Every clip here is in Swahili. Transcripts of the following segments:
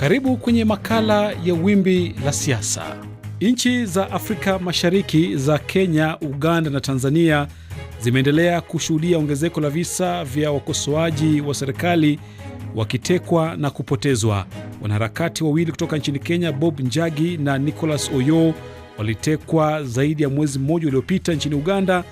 Karibu kwenye makala ya Wimbi la Siasa. Nchi za Afrika Mashariki za Kenya, Uganda na Tanzania zimeendelea kushuhudia ongezeko la visa vya wakosoaji wa serikali wakitekwa na kupotezwa. Wanaharakati wawili kutoka nchini Kenya, Bob Njagi na Nicholas Oyo, walitekwa zaidi ya mwezi mmoja uliopita nchini Uganda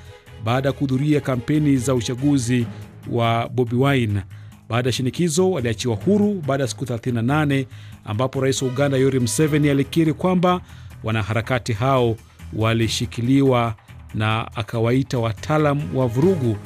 baada ya kuhudhuria kampeni za uchaguzi wa Bobi Wine. Baada ya shinikizo, aliachiwa huru baada ya siku 38 ambapo rais wa Uganda Yoweri Museveni alikiri kwamba wanaharakati hao walishikiliwa na akawaita wataalam wa vurugu.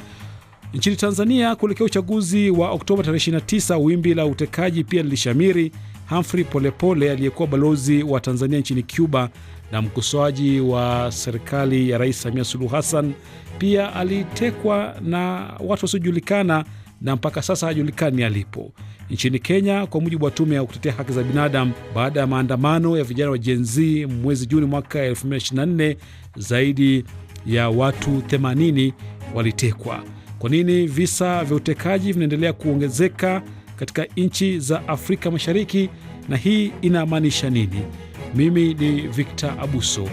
Nchini Tanzania, kuelekea uchaguzi wa Oktoba 29, wimbi la utekaji pia lilishamiri. Humphrey Polepole aliyekuwa balozi wa Tanzania nchini Cuba na mkosoaji wa serikali ya Rais Samia Suluhu Hassan pia alitekwa na watu wasiojulikana na mpaka sasa hajulikani alipo. Nchini Kenya, kwa mujibu wa tume ya kutetea haki za binadamu, baada ya maandamano ya vijana wa Gen Z mwezi Juni mwaka 2024 zaidi ya watu 80 walitekwa. Kwa nini visa vya utekaji vinaendelea kuongezeka katika nchi za Afrika Mashariki na hii inamaanisha nini? Mimi ni Victor Abuso,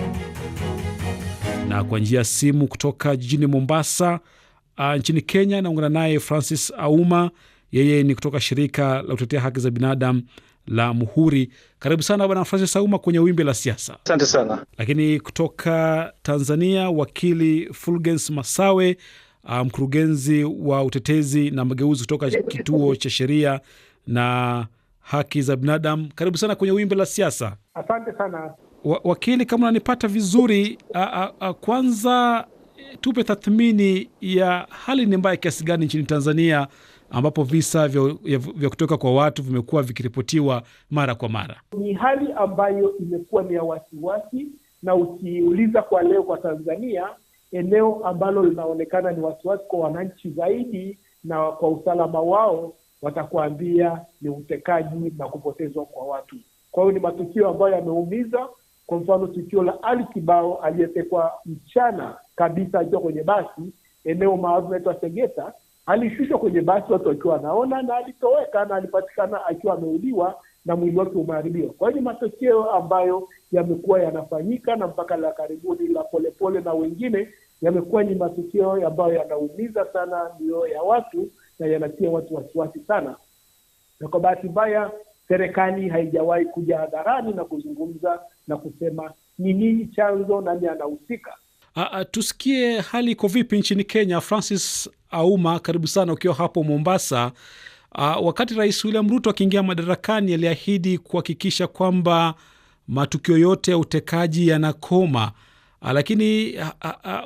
na kwa njia ya simu kutoka jijini Mombasa uh, nchini Kenya. Naungana naye Francis Auma, yeye ni kutoka shirika la kutetea haki za binadamu la Muhuri. Karibu sana bwana Francis Auma kwenye wimbi la siasa. Asante sana. Lakini kutoka Tanzania, wakili Fulgens Masawe, uh, mkurugenzi wa utetezi na mageuzi kutoka kituo cha sheria na haki za binadamu, karibu sana kwenye wimbi la siasa. Asante sana. Wakili, kama unanipata vizuri, a, ah, a, a, kwanza tupe tathmini ya hali ni mbaya kiasi gani nchini Tanzania ambapo visa vya, vya kutoka kwa watu vimekuwa vikiripotiwa mara kwa mara. Ni hali ambayo imekuwa ni ya wasiwasi, na ukiuliza kwa leo kwa Tanzania, eneo ambalo linaonekana ni wasiwasi kwa wananchi zaidi na kwa usalama wao, watakuambia ni utekaji na kupotezwa kwa watu. Kwa hiyo ni matukio ambayo yameumiza. Kwa mfano tukio la Ali Kibao aliyetekwa mchana kabisa akiwa kwenye basi eneo maarufu naitwa Segeta, alishushwa kwenye basi watu wakiwa wanaona, na alitoweka na alipatikana akiwa ameuliwa na mwili wake umeharibiwa. Kwa hiyo ni matokeo ambayo yamekuwa yanafanyika na mpaka la karibuni la Polepole na wengine yamekuwa ni matokeo ambayo yanaumiza sana mioyo ya watu na yanatia watu wasiwasi sana, na kwa bahati mbaya serikali haijawahi kuja hadharani na kuzungumza na kusema ni nini chanzo, nani anahusika. A, a, tusikie hali iko vipi nchini Kenya. Francis Auma, karibu sana ukiwa hapo Mombasa. A, wakati Rais William Ruto akiingia madarakani aliahidi kuhakikisha kwamba matukio yote ya utekaji yanakoma, lakini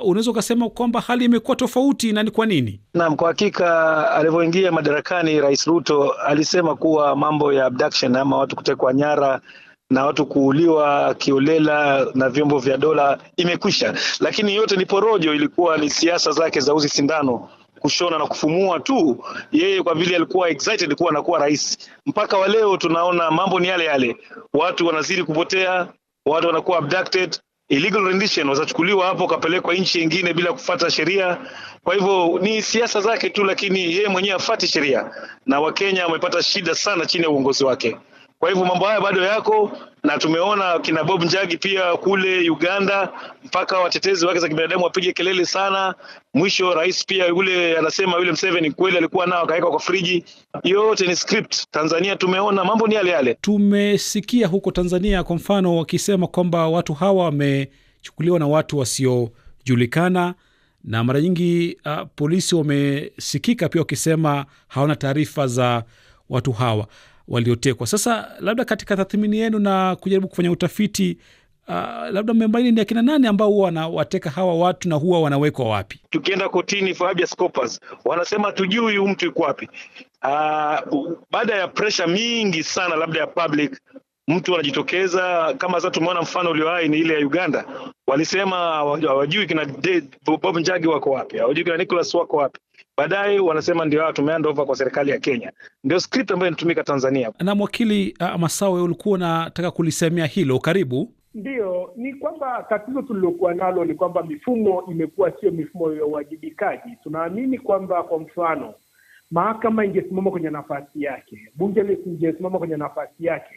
unaweza ukasema kwamba hali imekuwa tofauti, na ni kwa nini? Naam, kwa hakika alivyoingia madarakani Rais Ruto alisema kuwa mambo ya abduction ama watu kutekwa nyara na watu kuuliwa kiolela na vyombo vya dola imekwisha, lakini yote ni porojo. Ilikuwa ni siasa zake za uzi sindano kushona na kufumua tu yeye, kwa vile alikuwa excited kuwa anakuwa rais. Mpaka wa leo tunaona mambo ni yale yale, watu wanazidi kupotea, watu wanakuwa abducted, illegal rendition, wazachukuliwa hapo kapelekwa nchi nyingine bila kufata sheria. Kwa hivyo ni siasa zake tu, lakini yeye mwenyewe afati sheria, na Wakenya wamepata shida sana chini ya uongozi wake. Kwa hivyo mambo haya bado yako na tumeona kina Bob Njagi pia kule Uganda, mpaka watetezi wake za kibinadamu wapige kelele sana. Mwisho rais pia yule anasema yule Museveni kweli alikuwa nao, akaweka kwa friji. Yote ni script. Tanzania tumeona mambo ni yale yale. Tumesikia huko Tanzania kwa mfano wakisema kwamba watu hawa wamechukuliwa na watu wasiojulikana, na mara nyingi uh, polisi wamesikika pia wakisema hawana taarifa za watu hawa waliotekwa. Sasa labda katika tathmini yenu na kujaribu kufanya utafiti Uh, labda mmembaini ni akina nani ambao huwa wanawateka hawa watu na huwa wanawekwa wapi? Tukienda kotini for habeas wanasema tujui huyu mtu yuko wapi. Uh, baada ya pressure mingi sana labda ya public, mtu anajitokeza kama sasa. Tumeona mfano ulio hai ni ile ya Uganda, walisema hawajui kina Bob Njagi wako wapi, hawajui kina Nicholas wako wapi baadaye wanasema ndio ah, tumeanda ova kwa serikali ya Kenya. Ndio script ambayo inatumika Tanzania. Na mwakili uh, Masawe, ulikuwa unataka kulisemea hilo, karibu. ndio ni kwamba tatizo tulilokuwa nalo ni kwamba mifumo imekuwa sio mifumo ya uwajibikaji. Tunaamini kwamba kwa mfano mahakama ingesimama kwenye nafasi yake, bunge lingesimama kwenye nafasi yake,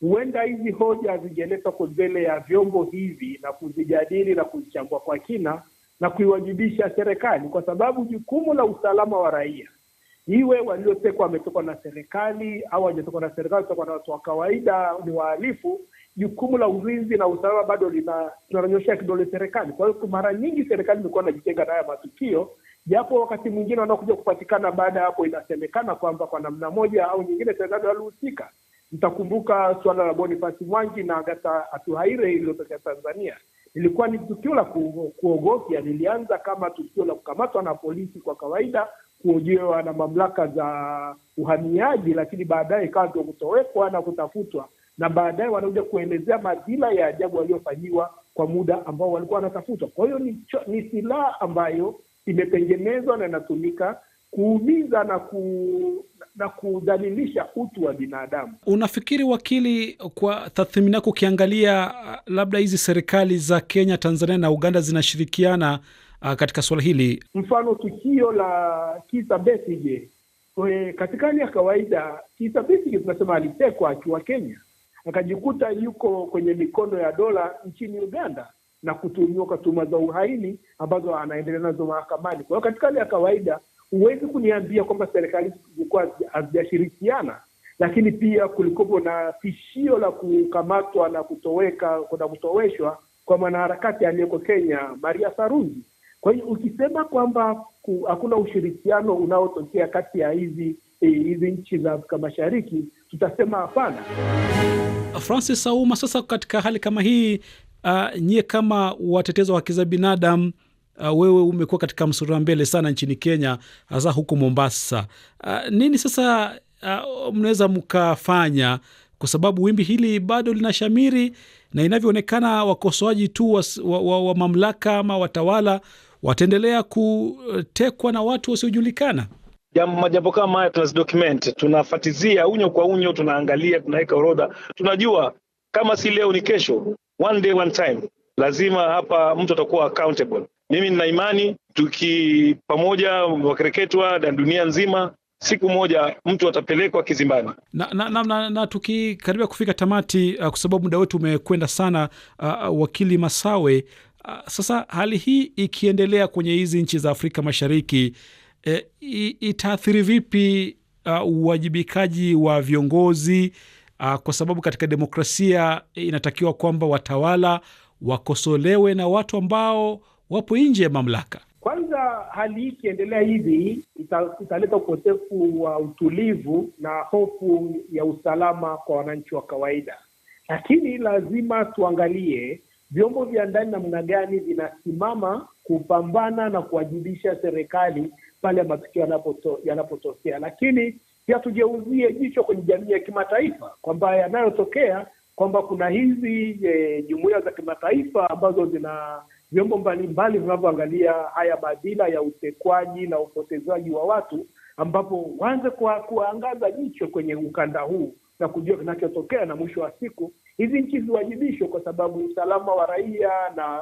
huenda hizi hoja zingeletwa mbele ya vyombo hivi na kuzijadili na kuzichambua kwa kina na kuiwajibisha serikali, kwa sababu jukumu la usalama wa raia, iwe waliotekwa wametoka na serikali au wajatokwa na serikali, kutoka na watu wa kawaida, ni wahalifu, jukumu la ulinzi na usalama bado lina tunanyoshea kidole serikali. Kwa hiyo mara nyingi serikali imekuwa inajitenga na haya matukio, japo wakati mwingine wanaokuja kupatikana baada ya hapo inasemekana kwamba kwa namna moja au nyingine serikali walihusika. Mtakumbuka suala la Boniface Mwangi na Agatha Atuhaire iliyotokea Tanzania Ilikuwa ni tukio la kuogofya, lilianza kama tukio la kukamatwa na polisi kwa kawaida, kuojewa na mamlaka za uhamiaji, lakini baadaye ikawa ndio kutowekwa na kutafutwa, na baadaye wanakuja kuelezea madhila ya ajabu waliofanyiwa kwa muda ambao walikuwa wanatafutwa. Kwa hiyo ni, ni silaha ambayo imetengenezwa na inatumika kuumiza na ku na kudhalilisha utu wa binadamu. Unafikiri wakili, kwa tathmini yako, ukiangalia uh, labda hizi serikali za Kenya, Tanzania na Uganda zinashirikiana uh, katika suala hili, mfano tukio la Kizza Besigye katika hali ya kawaida Kizza Besigye tunasema alitekwa akiwa Kenya, akajikuta yuko kwenye mikono ya dola nchini Uganda na kutumiwa kwa tuhuma za uhaini ambazo anaendelea nazo mahakamani. Kwa hiyo katika hali ya kawaida huwezi kuniambia kwamba serikali zilikuwa hazijashirikiana, lakini pia kulikopo na tishio la kukamatwa na kutoweka na kutoweshwa kwa mwanaharakati aliyeko Kenya, Maria Sarungi. Kwa hiyo ukisema kwamba hakuna ushirikiano unaotokea kati ya hizi hizi nchi za Afrika Mashariki, tutasema hapana. Francis Auma, sasa katika hali kama hii uh, nyie kama watetezi wa haki za binadamu uh, wewe umekuwa katika msura wa mbele sana nchini Kenya, hasa huku Mombasa. Uh, nini sasa uh, mnaweza mkafanya kwa sababu wimbi hili bado linashamiri na inavyoonekana wakosoaji tu wa, wa, wa, wa mamlaka ama watawala wataendelea kutekwa na watu wasiojulikana. Majambo kama haya tunazidokumenti, tunafatizia unyo kwa unyo, tunaangalia, tunaweka orodha, tunajua kama si leo ni kesho. One day one time, lazima hapa mtu atakuwa accountable. Mimi nina imani tuki pamoja wakereketwa na dunia nzima siku moja mtu atapelekwa kizimbani. Na, na, na, na, na tukikaribia kufika tamati uh, kwa sababu muda wetu umekwenda sana uh, uh, wakili Masawe uh, sasa hali hii ikiendelea kwenye hizi nchi za Afrika Mashariki eh, itaathiri vipi uh, uwajibikaji uh, wa viongozi uh, kwa sababu katika demokrasia inatakiwa kwamba watawala wakosolewe na watu ambao wapo nje ya mamlaka. Kwanza, hali hii ikiendelea hivi italeta ukosefu wa utulivu na hofu ya usalama kwa wananchi wa kawaida, lakini lazima tuangalie vyombo vya ndani namna gani vinasimama kupambana na kuwajibisha serikali pale matukio yanapotokea, lakini pia tugeuzie jicho kwenye jamii ya kimataifa kwamba yanayotokea kwamba kuna hizi e, za kimataifa ambazo zina vyombo mbalimbali vinavyoangalia haya madhila ya utekwaji na upotezaji wa watu, ambapo waanze kuangaza jicho kwenye ukanda huu na kujua kinachotokea, na mwisho wa siku hizi nchi ziwajibishwe, kwa sababu usalama wa raia na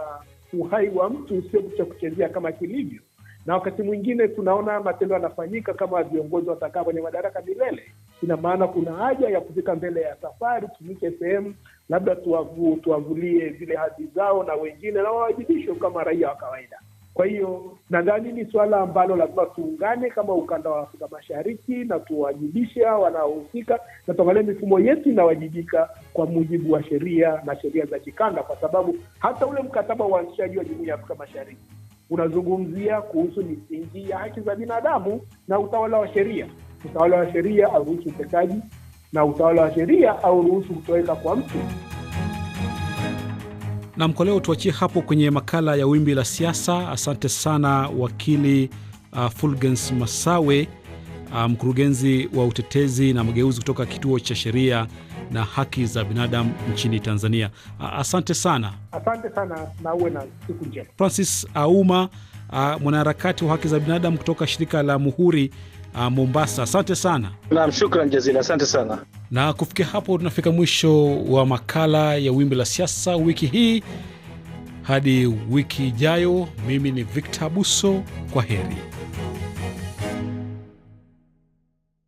uhai wa mtu sio cha kuchezea kama kilivyo. Na wakati mwingine tunaona matendo yanafanyika kama viongozi watakaa kwenye madaraka milele. Ina maana kuna haja ya kufika mbele ya safari, tumike sehemu labda tuwavu, tuwavulie zile hadhi zao na wengine na wawajibishwe kama raia wa kawaida. Kwa hiyo nadhani ni suala ambalo lazima tuungane kama ukanda wa Afrika Mashariki na tuwajibishe hao wanaohusika, na tuangalie mifumo yetu inawajibika kwa mujibu wa sheria na sheria za kikanda, kwa sababu hata ule mkataba wa uanzishaji wa Jumuiya ya Afrika Mashariki unazungumzia kuhusu misingi ya haki za binadamu na utawala wa sheria. Utawala wa sheria hauruhusu utekaji, na utawala wa sheria au ruhusu kutoweka kwa mtu. Nam, kwa leo tuachie hapo kwenye makala ya Wimbi la Siasa. Asante sana wakili uh, Fulgens Masawe, uh, mkurugenzi wa utetezi na mageuzi kutoka Kituo cha Sheria na Haki za Binadamu nchini Tanzania. Uh, asante sana. Asante sana na uwe na siku njema. Francis Auma, uh, mwanaharakati wa haki za binadamu kutoka shirika la Muhuri Ah, Mombasa. Asante sana. Naam, shukran jazila, asante sana. Na kufikia hapo tunafika mwisho wa makala ya Wimbi la Siasa wiki hii. Hadi wiki ijayo, mimi ni Victor Buso, kwa heri.